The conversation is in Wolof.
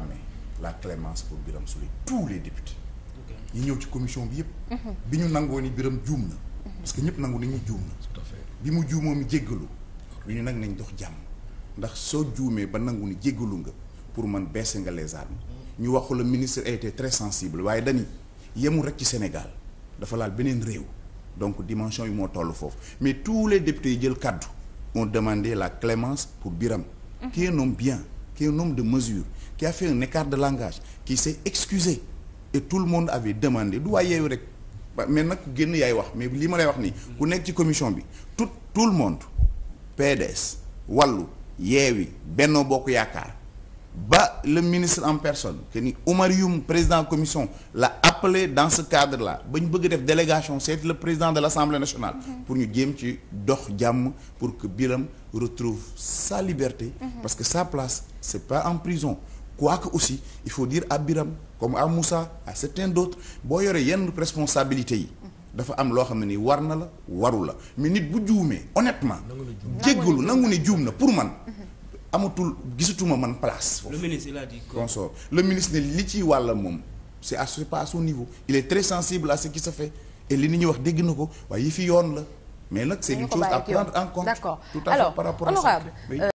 réclamé la clémence pour Birame Souleye tous les députés yi ñëw ci commission bi yëpp mhm. bi ñu nangoo ni Birame juum na mhm. parce que ñëpp nangu ñu juum na bi mu juumoo mi jéggalu ñu nag nañ dox jàmm ndax soo juumee ba nangu ni jéggalu nga pour man baisser nga les armes mhm. ñu waxu la ministre a été très sensible waaye dañu yemul rek ci Sénégal dafa laal beneen réew donc dimension yi moo toll foofu mais tous les députés yi jël kàddu moo demandé la clemence pour Birame ki est un de mesure qui a fait un écart de langage ki s'est excusé et tout le monde avait demandé du waay yeewu rek mais nag ku génn yaay wax mais li ma lay wax nii ku nekk ci commission bi tout tout le monde PDS wàllu yeewi Benno Bokk Yaakaar ba le ministre en personne que ni Oumar président commission la appelé dans ce cadre là ba ñu bëgg def délégation c'est le président de l'Assemblée nationale mm-hmm. pour ñu jéem ci dox jàmm pour que biram retrouve sa liberté mm-hmm. parce que sa place c'est pas en prison quoique aussi il faut dire à biram comme à Moussa à certains d'autres boo yore yenn responsabilité yi mm-hmm. dafa am loo xam ne nii war na la waru la mais nit bu juumee honnêtement jéggalu nangu ne juum na pour man amatul gisatuma man place. foofu le ministre il li ci wàlla moom c' est à ce pas à son niveau il est très sensible à ce qui se fait et li ni ñuy wax dégg na ko waaye yi fi yoon la mais nag c' une chose à prendre en compte. tout à fait par rapport a ça.